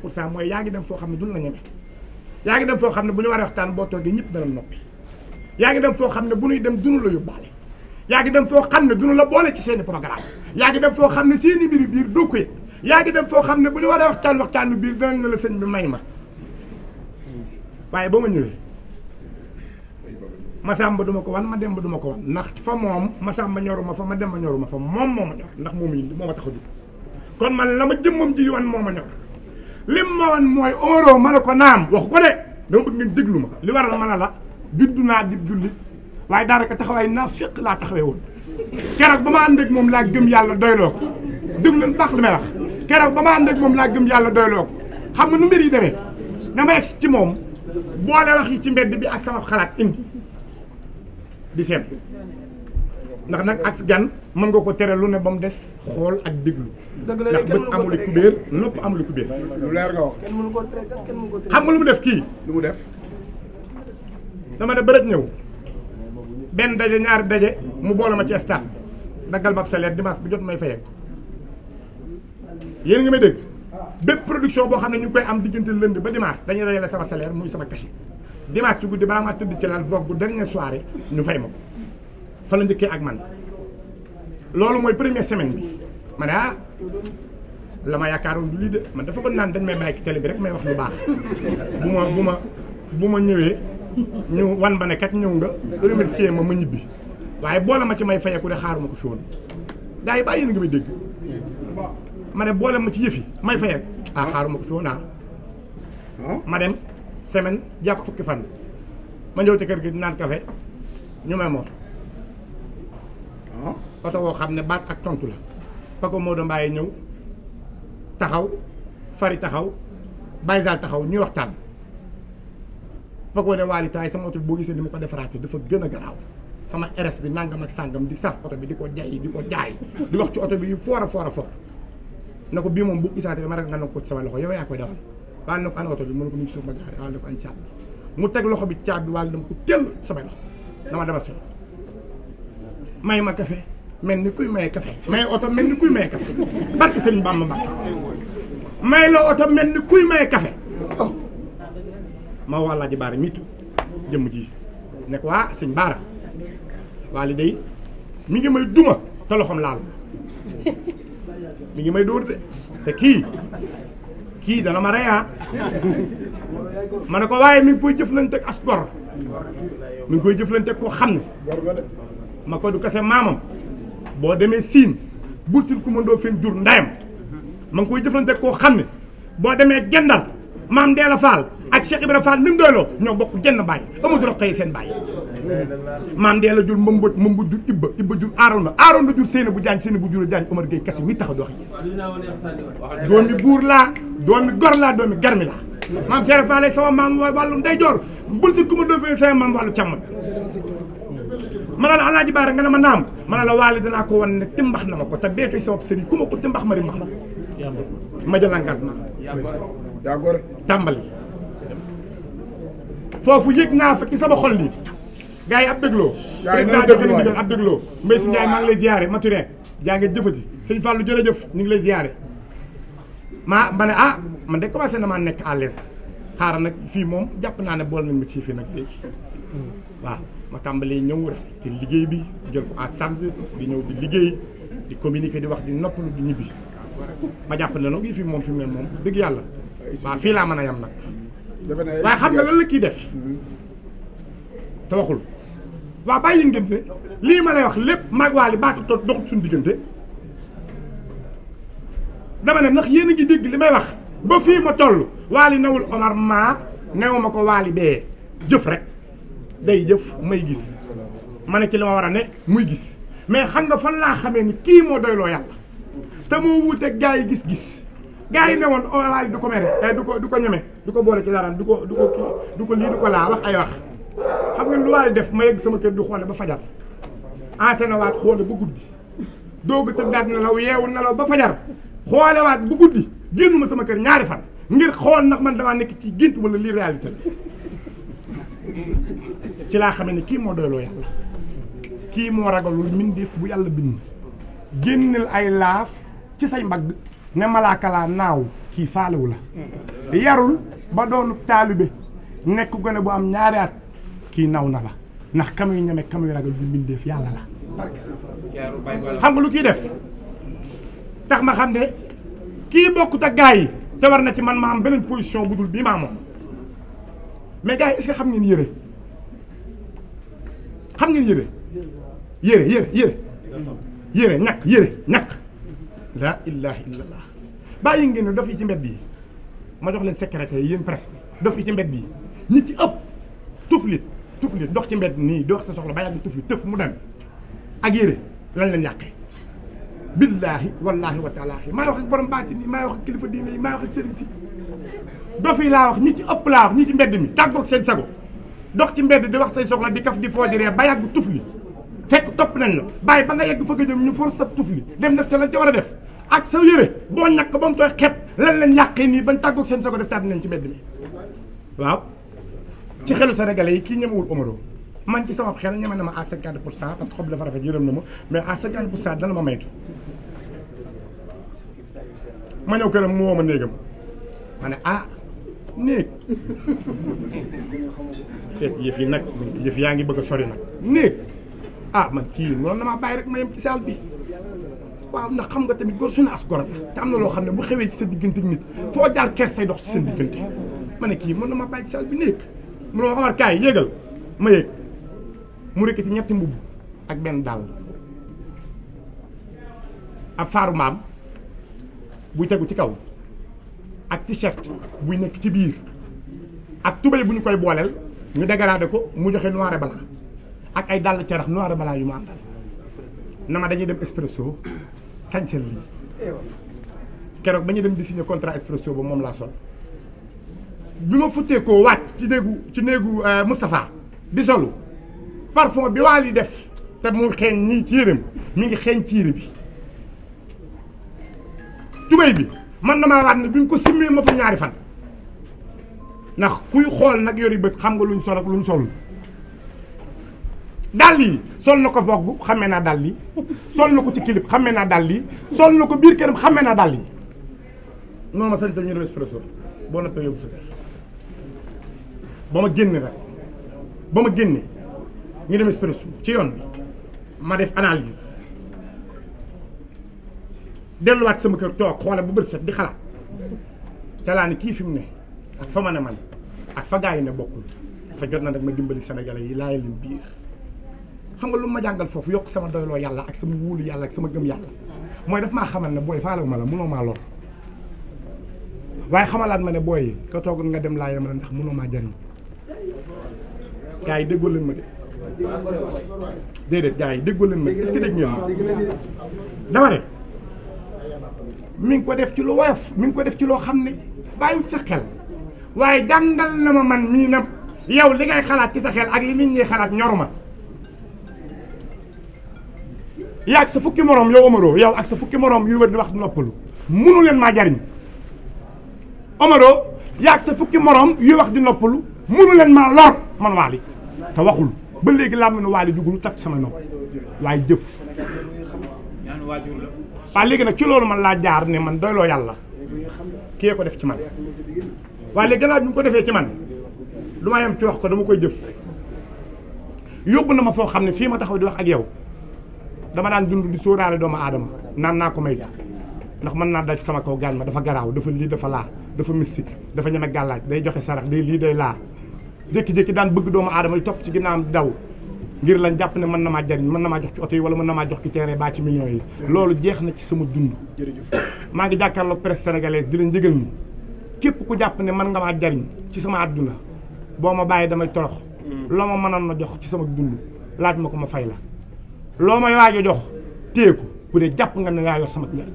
pour cent mooy yaa ngi dem foo xam ne duñ la ñeme yaa ngi dem foo xam ne bu ñu war a waxtaan boo toogee ñëpp dana noppi yaa ngi dem foo xam ne bu nuy dem duñu la yóbbaale yaa ngi dem foo xam ne duñu la boole ci seeni i programme yaa ngi dem foo xam ne seen i biir doo ko yëg yaa ngi dem foo xam ne bu ñu war a waxtaan waxtaanu biir danañ na la sëñ bi may ma waaye ba ma ñëwee Masamba duma ko wan ma dem ba duma ko wan ndax fa moom Masamba ñoruma fa ma dem ba ñoruma fa moom moo ma ñor ndax moom moo ma la ma jëmmam moo ma ñor lim ma wan mooy Omaro ma ne ko naam wax ko de dama bëgg ngeen déglu ma li waral ma ne la juddu naa di jullit waaye daanaka taxawaay naa féq laa taxawee woon keroog ba ma ànd ak moom laa gëm yàlla doyloo ko déglu leen baax li ba ma ànd ak moom laa gëm yàlla doyloo ko xam nga nu mbir yi demee dama egg ci moom boole wax ci mbedd bi ak sama xalaat indi di seet ndax nag ak gan mën nga ko tere lu ne ba mu des xool ak déglu. dëgg la léegi ndax bët amul kubéer nopp amul kubéer. lu leer nga wax. kenn mënu ko tere ko tere. xam nga lu mu def kii. lu mu def. dama ne bërëb ñëw benn daje ñaari daje mu boole ma ci staff daggal ma ab salaire dimanche bu jot may fayee ko yéen nga may dégg bépp production boo xam ne ñu ngi koy am diggante lënd ba dimanche dañuy dajale sama salaire muy sama cachet dimanche ci guddi balaa maa tëdd ci laal vogue bu dernière soirée ñu fay ma ko fa la njëkkee ak man. loolu mooy première semaine bi ma ne ah la ma yaakaaroon du lii de man dafa ko naan dañ may bàyyi ci télé bi rek may wax lu baax bu ma bu ma bu ma ñëwee ñu wan ba ne kat ñëw nga remercier ma ma ñibbi waaye boole ma ci may fayeku de xaaruma ko fi woon gars bàyyi nga may dégg ma boole ma ci yëf yi may fayeku ah xaaruma ko fi woon ah ma dem semaine jàpp fukki fan ma ñëw ci kër gi naan café ñu may moom oto woo xam ne baat ak tontu la Paco Modou Mbaye ñëw taxaw Fari taxaw Baye taxaw ñuy waxtaan Paco ne waali taay sama oto bi boo gisee ni ma ko defaraatee dafa gën a garaaw sama RS bi nangam ak sàngam di saf oto bi di ko jaay di ko jaay wax ci oto bi yu foor a foor a foor na ko bii moom bu isaatee ma rek nga nangu ko sama loxo yow yaa koy dawal wàll na ko an oto bi mu ne ko mu suuf ma gaari wàll na ko an caab bi mu teg loxo bi caab bi wàll dama ko tëll samay loxo dama may ma café mel ni kuy maye café may oto mel ni kuy maye café barke Sëriñ Bamba Mbàkke may la oto mel ni kuy maye café ma woo Alaaji Baara miitu jëmm ji nekk ko waa ah, sëñ Baara waa li day ngi may duma te laal mi ngi may dóor de te kii kii dana ma reyaa ah. ma ne ko waaye mi ngi koy jëflante ak as gor mi ngi koy jëflante ak koo xam ne ma ko du kase maamam boo demee siin bur sin ku mandoo fen jur ndayam ma ngi koy jëflante koo xam ne boo demee gendar maam Deela Fall ak Cheikh Ibra Fall mi mu doyloo ñoo bokk jenn bàyyi amadu roq yi seen bàyyi maam Deela jur mamba mamba jur ibba ibba jur aarona aarona jur séena bu jaañ séena bu jur jaañ Omar Gueye kese mi tax a dox yéen doomi buur laa doomi gor laa doomi garmi laa maam Cheikh Fall sama maam wàllu ndeyjoor bul sin ku mandoo fen sama maam wàllu càmm ma ne la alaaji baara nga ne ma naam ma ne la waale danaa ko wan ne timbax na ma ko te bee koy sabab sëriñ ku ko timbax ma ri mbax ma jël engagement yaa góor tàmbali foofu yëg naa fa ci sama xol li gars yi ab dégloo président joxe na ndigal ab dégloo mbay si Ndiaye maa ngi lay ziyaare jaa ngeen jëfati sëñ Fallou jërëjëf ñu ngi lay ziyaare ma ne ah man de commencé na maa nekk à l'aise xaaral nag fii moom jàpp naa ne bool nañ ma ci nag léegi ma tàmbalee ñëw respecté liggéey bi jël ko en di ñëw di liggéey di communiquer di wax di noppalu di ñibbi ma jàpp ne nag yi fi moom fi mel moom dëgg yàlla waaw fii laa mën a yam nag waaye xam nga lan la kii def te waxul waaw bàyyi ngeen ne lii ma lay wax lépp mag waali baatu toog doxut suñu diggante dama ne ndax yéen a ngi dégg li may wax ba fii ma toll waali nawul Omar maa newu ma ko waali bee jëf rek day jëf may gis ma ne ci li ma war a ne muy gis mais xam nga fan laa xamee ni kii moo doyloo yàlla te moo wuuteeg gaa yi gis-gis gars yi ne woon oh, waaye du ko mere eh, du ko du ko ñeme du ko boole ci dara du ko du ko kii du ko lii du ko laa wax ay wax xam nga lu waay def ma yegg sama kër du xoole ba fajar enseigné waat xoole ba guddi doogu tëb nelaw yeewu nelaw ba fajar xoole waat ba guddi génnuma sama kër ñaari fan ngir xool ndax man damaa nekk ci gént wala ci laa xamee ne kii moo doyloo yàlla kii moo ragalul mbindeef bu yàlla bind génneel ay laaf ci say mbagg ne malaaka laa naaw kii faalewu la yarul ba doonu taalibe nekk gone bu am ñaari at kii naw na la ndax kamuy ñeme kamuy ragal bu mbindeef yàlla la xam nga lu kii def tax ma xam ne kii bokkut ak gars yi te war na ci man ma am beneen position bu dul bii maa moom mais gars yi est xam ngeen yére xam ngeen yére yére yére yére yére ñàkk yére ñàkk laa ilaha illallah bàyyi ngeen ne dof yi ci mbedd yi ma jox leen secrétaire yéen presse bi dof yi ci mbedd yi ñi ci ëpp tuflit tuflit dox ci mbedd nii dox sa soxla ba yàgg tuflit tëf mu dem ak yére lañ leen yàqee billaahi wallaahi wa taalaahi maay wax ak borom baati nii maay wax ak kilifa diine yi maay wax ak sëriñ si dof yi laa wax ñi ci ëpp laa wax ñi ci mbedd mi tàggoog seen sago dox ci mbedd di wax say soxla di kaf di foojiree ba yàgg tufli fekk topp nañ la bàyyi ba nga yegg fa nga jëm ñu force sa tufli dem def ca lañ ca war a def ak sa yére boo ñàkk ba mu tooy xepp lan lañ yàqee nii bañ tàggoog seen sa ko def taat nañ ci mbedd mi waaw ci xelu sénégalais yi kii ñemewul Omaro man ci sama xel ñeme na ma à cinquante pour cent parce que xob dafa rafet yërëm na ma mais à cinquante pour cent dana ma maytu ma ñëw këram mu woo néeg xeet yëf yi nag yëf yaa ngi bëgg a sori nag néeg ah man kii noonu na maa bàyyi rek ma yem ci saal bi waaw ndax xam nga tamit góor suñu as góor te am na loo xam ne bu xewee ci sa diggante nit foo jaar ker say dox ci seen diggante ma kii mën na ma bàyyi ci saal bi néeg mu ne ma xamar kaay yéegal ma yéeg mu rëkkati ñetti mbubb ak benn daal ab faaru maam buy tegu ci kaw ak t-shirt buy nekk ci biir ak tubéy bu ñu koy booleel ñu dégradé ko mu joxe noir et ak ay dàll carax noir et yu ma àndal na ma dañuy dem Expresso sañsel lii keroog ba ñu dem di contra contrat Expresso ba moom laa sol bi ma futtee koo wàcc ci néegu ci néegu euh, Moustapha di solu parfum bi waa li def te mu xeeñ ñii ci yërëm mi ngi xeeñ ci yére bi tubéy bi man na waat ne na ñu ko simmee matul ñaari fan ndax kuy xool nag yori bët xam nga luñ sol ak luñ solul dàll yi sol na ko vogg xamee naa dàll yi sol na ko ci kilib xamee naa dàll yi sol na ko biir këram xamee naa dàll yi non ma sañ sa ñu dem espresso boo noppee yóbbu sa kër ba ma génne rek ba ma génne ñu dem espresso ci yoon ma def analise delluwaat sama kër toog xoole bu bët set di xalaat ca kii fi mu ne ak fa ma ne ak fa gaa yi ne bokkul te jot na nag ma dimbali senegal yi laaya leen biir xam nga lu ma jàngal foofu yokk sama doyloo yàlla ak sama wóolu yàlla ak sama gëm yàlla mooy daf maa xamal ne booy faalaw ma la mënoo maa lor waaye xamalaat ma ne booy ka toogoon nga dem laaya ma la ndax mënoo maa jariñ gaa yi déggoo leen ma de déedéet gaa yi déggoo leen ma est-ce que dégg ngeen ma mi ngi ko def ci lu mi ngi ko def ci loo xam ne bàyyiwut sa xel waaye jàngal na ma man mii na yow li ngay xalaat ci sa xel ak li xalaat ñoruma yaa ak sa fukki moroom yow Omaro yow ak sa fukki moroom yu wër di wax di noppalu munu leen maa jariñ Omaro yaa ak sa fukki moroom yu wax di noppalu munu leen maa lor man Waly te waxul ba léegi làmmiñu Waly dugul takk sama nopp waaye jëf ñaan waajur waaw léegi nag ci loolu man laa jaar ne man doyloo yàlla kii ko def ci man waaye léegi bi mu ko defee ci man lu ma yem ci wax ko dama koy jëf yóbbu na ma foo xam ne fii ma taxaw di wax ak yow dama daan dund di sóoraale doomu aadama naan naa ko mayta ndax mën naa daj sama kow gaañ ma dafa garaaw dafa lii dafa laa dafa mystique dafa ñeme gàllaaj day joxe sarax day lii day laa jékki-jékki daan bëgg doomu aadama di topp ci ginnaawam di daw ngir lañ jàpp ne man na maa jariñ man na maa jox ci oto yi wala mën na maa jox ci terrain baa ci millions yi loolu jeex na ci sama dund maa ngi jàkkaarloog presse sénégalaise di leen yëgal ni képp ku jàpp ne man nga maa jariñ ci sama àdduna boo ma bàyyi damay torox mm. loo ma mënoon na jox ci sama dund laaj ma ko ma fay la loo may waaj jox téye ko dee jàpp nga ne yaa yor sama njariñ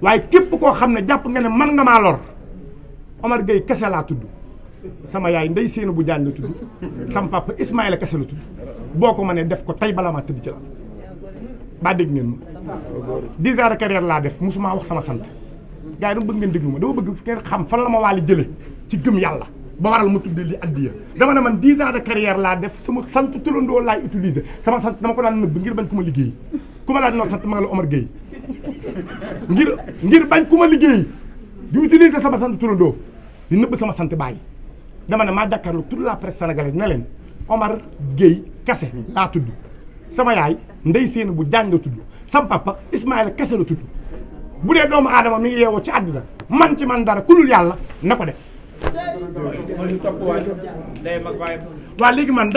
waaye képp koo xam ne jàpp nga ne man nga maa lor Omar Gueye kese laa tudd sama yaay ndey seenu bu jaan la tudd sama papa tudd boo ko mënee def ko tey bala maa tëdd ci la baa dégg ngeen ma dix ans de laa def musuma wax sama sant gars yi dama bëgg ngeen déglu ma dama bëgg ngeen xam fan la ma waali jële ci yàlla ba waral ma tuddee li addiya dama man dix ans de carrière laa sant turandoo laay utiliser sama dama ko daan nëbb ngir bañ ku ma liggéey ku ma laaj noo sant ma nga la Omar ngir ngir bañ ku ma liggéey di utiliser sama sant turandoo di nëbb sama sant baay dama ne maa jàkkaarloo toute la presse sénégalaise ne leen Omar Gueye Kase laa tudd sama yaay ndey seen bu jàng tudd sama papa Ismaïla Kase la tudd bu dee doomu aadama mi ngi yeewoo ci àddina man ci man dara ku yàlla na ko def. waaw léegi man.